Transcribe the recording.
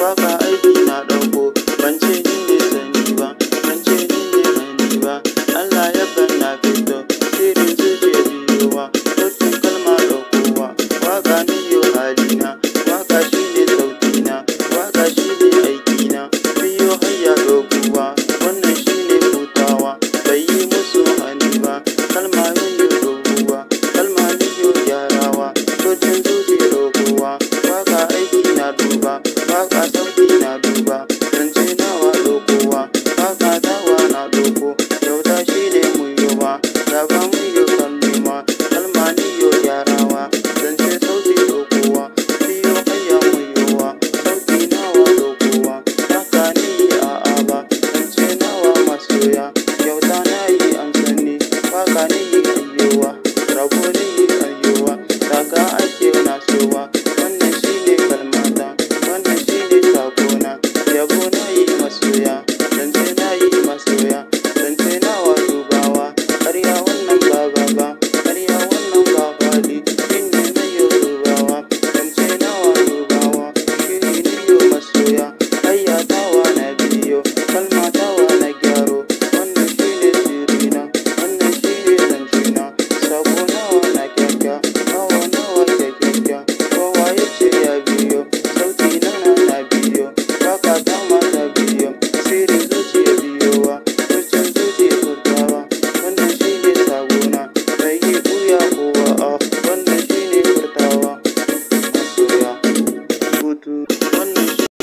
waka aiki na ɗauko ban ce ni ne sani ba ban ce ni ne mani ba Allah ya na fito sirrin zuciya biyowa tattun kalma ɗaukowa waka ni yo halina waka ni yi ayewa rabo ni yi ayewa daga ake nasowa wannan shine kalmata wannan shine sakona yabo na yi masoya